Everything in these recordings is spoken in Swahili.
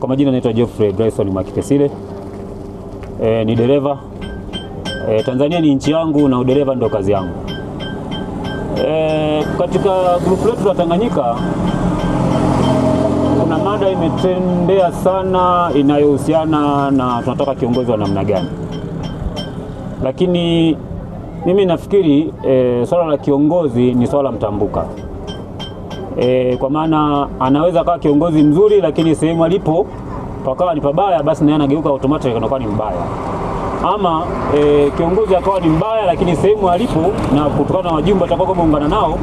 Kwa majina naitwa Geoffrey Bryson Mwakipesile. E, ni dereva e, Tanzania ni nchi yangu na udereva ndo kazi yangu. E, katika grupu letu la Tanganyika kuna mada imetendea sana inayohusiana na tunataka kiongozi wa namna gani, lakini mimi nafikiri e, swala la kiongozi ni swala mtambuka e, kwa maana anaweza kawa kiongozi mzuri, lakini sehemu alipo pakawa ni pabaya, basi naye anageuka automatic anakuwa ni mbaya ama e, kiongozi akawa ni mbaya lakini sehemu alipo na kutokana na wajumbe atakuwa ameungana nao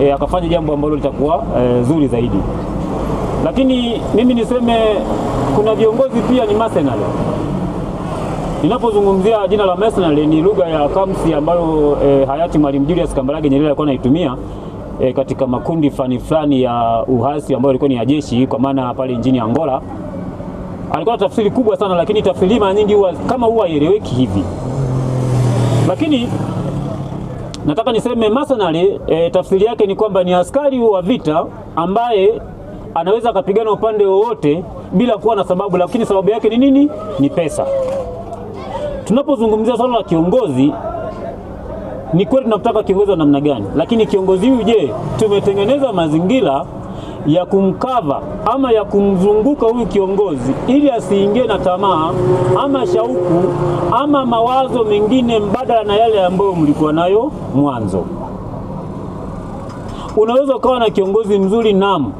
e, akafanya jambo ambalo litakuwa e, zuri zaidi. Lakini mimi niseme kuna viongozi pia ni mercenary. Ninapozungumzia jina la mercenary ni lugha ya kamsi ambayo e, hayati Mwalimu Julius Kambarage Nyerere alikuwa anaitumia e, katika makundi fulani fulani ya uhasi ambayo ilikuwa ni ya jeshi, kwa maana pale nchini Angola alikuwa na tafsiri kubwa sana, lakini tafsiri mara nyingi huwa kama huwa haieleweki hivi. Lakini nataka niseme mercenary e, eh, tafsiri yake ni kwamba ni askari wa vita ambaye anaweza akapigana upande wowote bila kuwa na sababu, lakini sababu yake ni nini? Ni pesa. Tunapozungumzia swala la kiongozi, ni kweli tunataka kiongozi wa namna gani, lakini kiongozi huyu, je, tumetengeneza mazingira ya kumkava ama ya kumzunguka huyu kiongozi ili asiingie na tamaa ama shauku ama mawazo mengine mbadala na yale ambayo mlikuwa nayo mwanzo. Unaweza ukawa na kiongozi mzuri nam,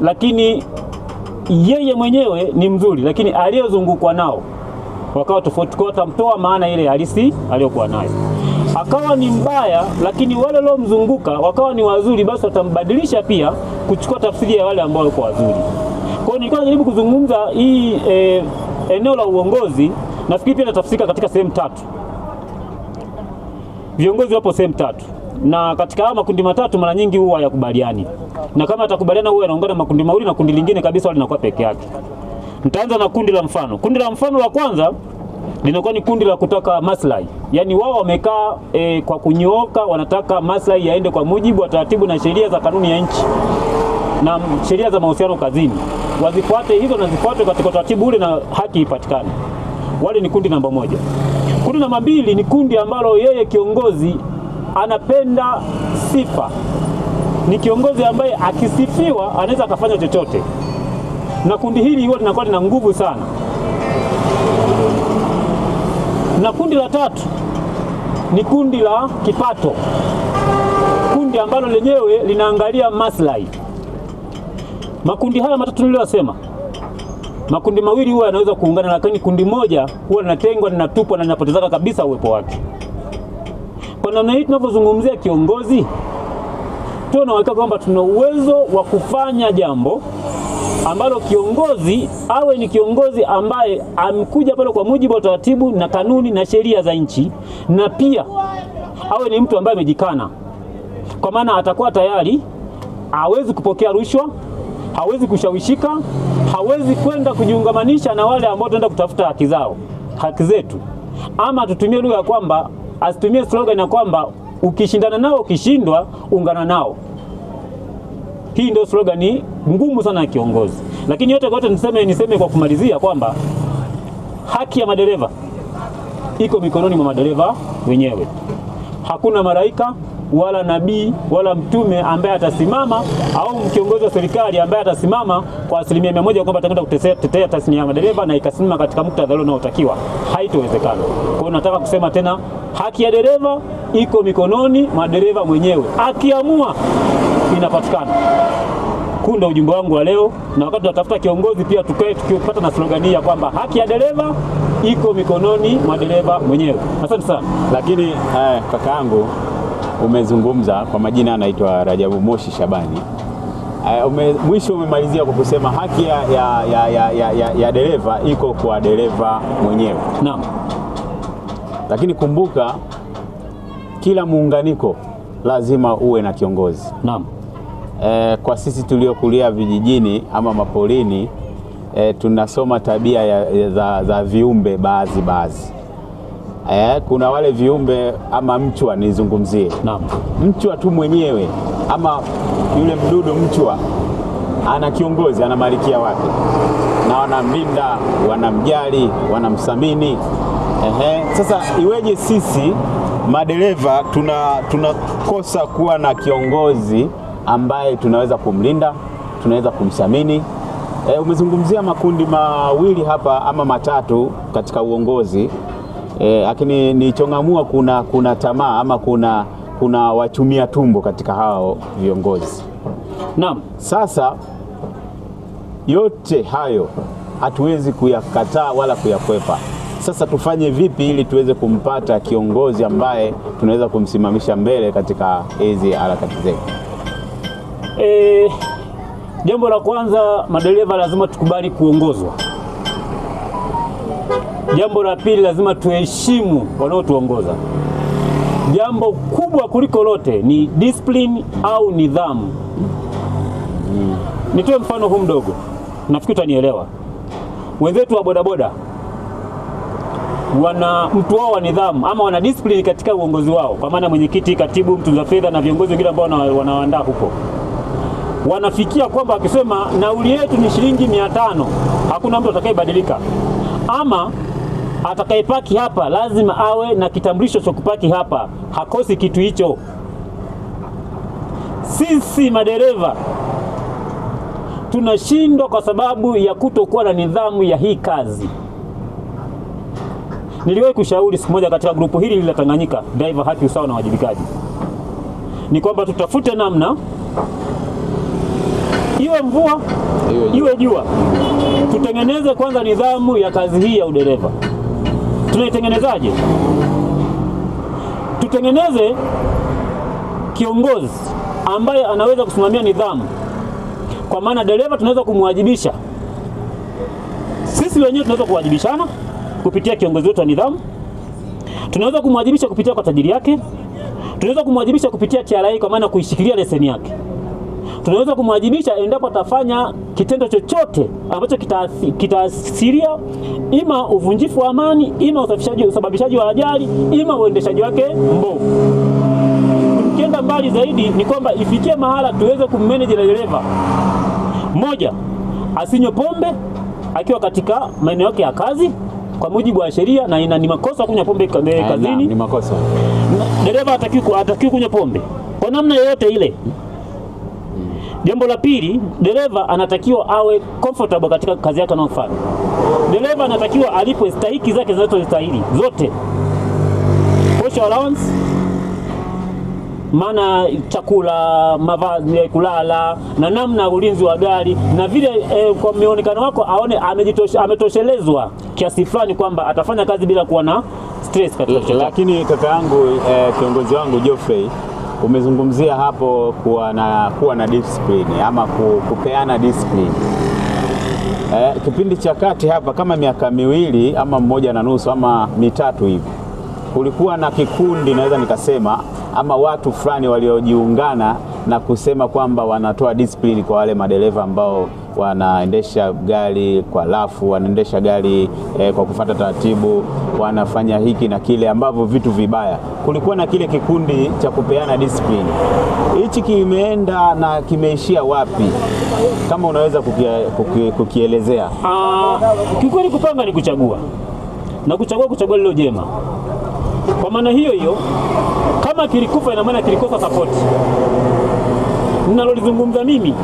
lakini yeye mwenyewe ni mzuri, lakini aliyozungukwa nao wakawa tofauti, kwa tamtoa maana ile halisi aliyokuwa nayo akawa ni mbaya, lakini wale waliomzunguka wakawa ni wazuri, basi watambadilisha pia kuchukua tafsiri ya wale ambao walikuwa wazuri. Kwa hiyo nilikuwa najaribu kuzungumza hii e, eneo la uongozi, nafikiri pia natafsika katika sehemu tatu. Viongozi wapo sehemu tatu, na katika haya makundi matatu mara nyingi huwa hayakubaliani, na kama atakubaliana huwa yanaungana makundi mawili na kundi lingine kabisa, wale linakuwa peke yake. Nitaanza na kundi la mfano. Kundi la mfano la kwanza linakuwa ni kundi la kutaka maslahi, yaani wao wamekaa e, kwa kunyooka, wanataka maslahi yaende kwa mujibu wa taratibu na sheria za kanuni ya nchi na sheria za mahusiano kazini, wazifuate hizo na zifuate katika utaratibu ule na haki ipatikane. Wale ni kundi namba moja. Kundi namba mbili ni kundi ambalo yeye kiongozi anapenda sifa, ni kiongozi ambaye akisifiwa anaweza akafanya chochote, na kundi hili huwa linakuwa lina nguvu sana. Na kundi la tatu ni kundi la kipato, kundi ambalo lenyewe linaangalia maslahi. Makundi haya matatu niliyosema, makundi mawili huwa yanaweza kuungana, lakini kundi moja huwa linatengwa, linatupwa na linapotezaka kabisa uwepo wake. Kwa namna hii tunavyozungumzia kiongozi, tunaweka kwamba tuna uwezo wa kufanya jambo ambalo kiongozi awe ni kiongozi ambaye amekuja pale kwa mujibu wa taratibu na kanuni na sheria za nchi, na pia awe ni mtu ambaye amejikana, kwa maana atakuwa tayari hawezi kupokea rushwa, hawezi kushawishika, hawezi kwenda kujiungamanisha na wale ambao tunaenda kutafuta haki zao, haki zetu. Ama tutumie lugha ya kwamba, asitumie slogan ya kwamba ukishindana nao ukishindwa, ungana nao. Hii ndio slogan ngumu sana ya kiongozi. Lakini yote kwa yote, niseme niseme kwa kumalizia kwamba haki ya madereva iko mikononi mwa madereva wenyewe. Hakuna malaika wala nabii wala mtume ambaye atasimama au mkiongozi wa serikali ambaye atasimama kwa asilimia mia moja kwamba atakwenda kutetea tasnia ya madereva na ikasimama katika muktadha ule unaotakiwa, haitowezekana. Kwa hiyo nataka kusema tena, haki ya dereva iko mikononi madereva mwenyewe akiamua inapatikana. Huu ndio ujumbe wangu wa leo, na wakati tunatafuta kiongozi pia tukae tukipata na slogani ya kwamba haki ya dereva iko mikononi mwa dereva mwenyewe. Asante sana. Lakini eh, kaka yangu umezungumza kwa majina, anaitwa Rajabu Moshi Shabani. Uh, ume, mwisho umemalizia kwa kusema haki ya, ya, ya, ya, ya, ya, ya dereva iko kwa dereva mwenyewe. Naam. Lakini kumbuka kila muunganiko lazima uwe na kiongozi. Naam e, kwa sisi tuliokulia vijijini ama maporini e, tunasoma tabia ya, ya, za, za viumbe baadhi baadhi e, kuna wale viumbe ama mchwa nizungumzie. Naam. Mchwa tu mwenyewe ama yule mdudu mchwa ana kiongozi, ana malikia wake na wanamlinda, wanamjali, wanamsamini. Ehe, sasa iweje sisi madereva tunakosa tuna kuwa na kiongozi ambaye tunaweza kumlinda, tunaweza kumthamini. E, umezungumzia makundi mawili hapa ama matatu katika uongozi eh, lakini e, ni chongamua kuna, kuna tamaa ama kuna, kuna wachumia tumbo katika hao viongozi. Naam, sasa yote hayo hatuwezi kuyakataa wala kuyakwepa. Sasa tufanye vipi ili tuweze kumpata kiongozi ambaye tunaweza kumsimamisha mbele katika hizi harakati zetu? E, jambo la kwanza madereva lazima tukubali kuongozwa. Jambo la pili lazima tuheshimu wanaotuongoza. Jambo kubwa kuliko lote ni discipline au nidhamu. Nitoe mfano huu mdogo, nafikiri utanielewa. Wenzetu wa bodaboda wana mtu wao wa nidhamu ama wana discipline katika uongozi wao, kwa maana mwenyekiti, katibu, mtunza fedha na viongozi wengine ambao wanawaandaa huko wanafikia kwamba wakisema nauli yetu ni shilingi mia tano, hakuna mtu atakayebadilika. Ama atakayepaki hapa lazima awe na kitambulisho cha kupaki hapa, hakosi kitu hicho. Sisi madereva tunashindwa kwa sababu ya kutokuwa na nidhamu ya hii kazi. Niliwahi kushauri siku moja katika grupu hili la Driver Haki, Usawa na Uwajibikaji, ni kwamba tutafute namna iwe mvua iwe jua, tutengeneze kwanza nidhamu ya kazi hii ya udereva. Tunaitengenezaje? Tutengeneze kiongozi ambaye anaweza kusimamia nidhamu, kwa maana dereva tunaweza kumwajibisha sisi wenyewe, tunaweza kuwajibishana kupitia kiongozi wetu wa nidhamu, tunaweza kumwajibisha kupitia kwa tajiri yake, tunaweza kumwajibisha kupitia TRA, kwa maana kuishikilia leseni yake tunaweza kumwajibisha endapo atafanya kitendo chochote ambacho kitaasiria ima uvunjifu wa amani, ima usafishaji, usababishaji wa ajali, ima uendeshaji wake mbovu. Tukienda mbali zaidi, ni kwamba ifikie mahala tuweze kummanage na dereva moja, asinywe pombe akiwa katika maeneo yake ya kazi kwa mujibu wa sheria, na ina ni makosa kunywa pombe eh, kazini. Ni makosa dereva atakiwi kunywa pombe kwa namna yoyote ile. Jambo la pili, dereva anatakiwa awe comfortable katika kazi yake anayofanya. Dereva anatakiwa alipwe stahiki zake zinazostahili zote, posho allowance, maana chakula, mavazi, eh, kulala na namna ulinzi wa gari na vile eh, kwa mionekano wako aone ametoshelezwa kiasi fulani kwamba atafanya kazi bila kuwa na stress katika. Lakini kaka yangu eh, kiongozi wangu Geoffrey Umezungumzia hapo kuwa na, kuwa na discipline ama kupeana discipline. Eh, kipindi cha kati hapa kama miaka miwili ama mmoja na nusu ama mitatu hivi kulikuwa na kikundi naweza nikasema ama watu fulani waliojiungana na kusema kwamba wanatoa discipline kwa wale madereva ambao wanaendesha gari kwa rafu, wanaendesha gari eh, kwa kufata taratibu, wanafanya hiki na kile ambavyo vitu vibaya. Kulikuwa na kile kikundi cha kupeana discipline, hichi kimeenda na kimeishia wapi, kama unaweza kukia, kukia, kukielezea? Ah, Kikweli kupanga ni kuchagua na kuchagua, kuchagua lilo jema. Kwa maana hiyo hiyo, kama kilikufa, ina maana kilikosa sapoti. Ninalolizungumza mimi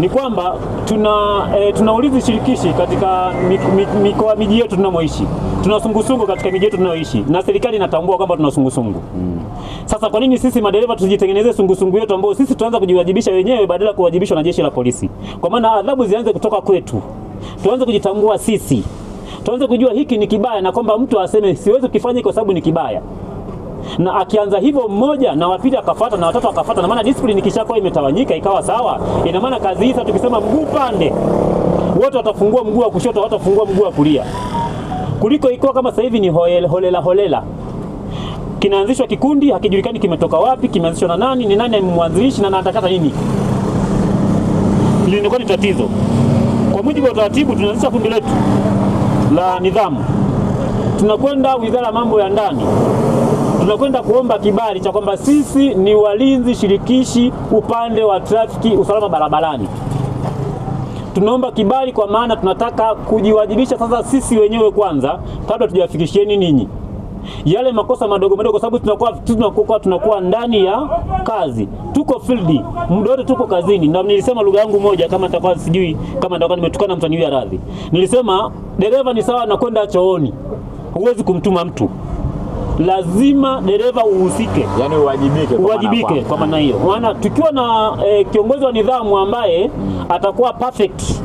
ni kwamba tuna, e, tunaulizi shirikishi katika mikoa miji yetu tunamoishi, tuna sungusungu katika miji yetu tunayoishi, na serikali inatambua kwamba tuna sungusungu mm. Sasa kwa nini sisi madereva tujitengenezee sungusungu yetu ambayo sisi tuanza kujiwajibisha wenyewe badala ya kuwajibishwa na jeshi la polisi? Kwa maana adhabu zianze kutoka kwetu, tuanze kujitambua sisi tuanze kujua hiki ni kibaya na kwamba mtu aseme siwezi kukifanya kwa sababu ni kibaya na akianza hivyo mmoja na wapili akafuata na watatu akafuata, na maana discipline ikishakuwa imetawanyika ikawa sawa, ina maana kazi hii sasa tukisema mguu pande, wote watafungua mguu wa kushoto, watafungua mguu wa kulia, kuliko ikiwa kama sasa hivi ni holela holela, holela. Kinaanzishwa kikundi hakijulikani kimetoka wapi, kimeanzishwa na nani, ni nani mwanzilishi na anatakata nini, lilikuwa ni tatizo. Kwa mujibu wa taratibu, tunaanzisha kundi letu la nidhamu tunakwenda Wizara ya Mambo ya Ndani, tunakwenda kuomba kibali cha kwamba sisi ni walinzi shirikishi upande wa trafiki, usalama barabarani. Tunaomba kibali kwa maana tunataka kujiwajibisha sasa sisi wenyewe kwanza, kabla tujafikishieni ninyi yale makosa madogo madogo, kwa sababu tunakuwa tunakuwa tunakuwa ndani ya kazi, tuko field muda wote, tuko kazini. Na nilisema lugha yangu moja, kama nitakuwa sijui, kama nitakuwa nimetukana mtu, radhi. Nilisema dereva ni sawa na kwenda chooni huwezi kumtuma mtu lazima dereva uhusike, yani uwajibike, uwajibike kwa maana hiyo. Maana tukiwa na e, kiongozi wa nidhamu ambaye mm. atakuwa perfect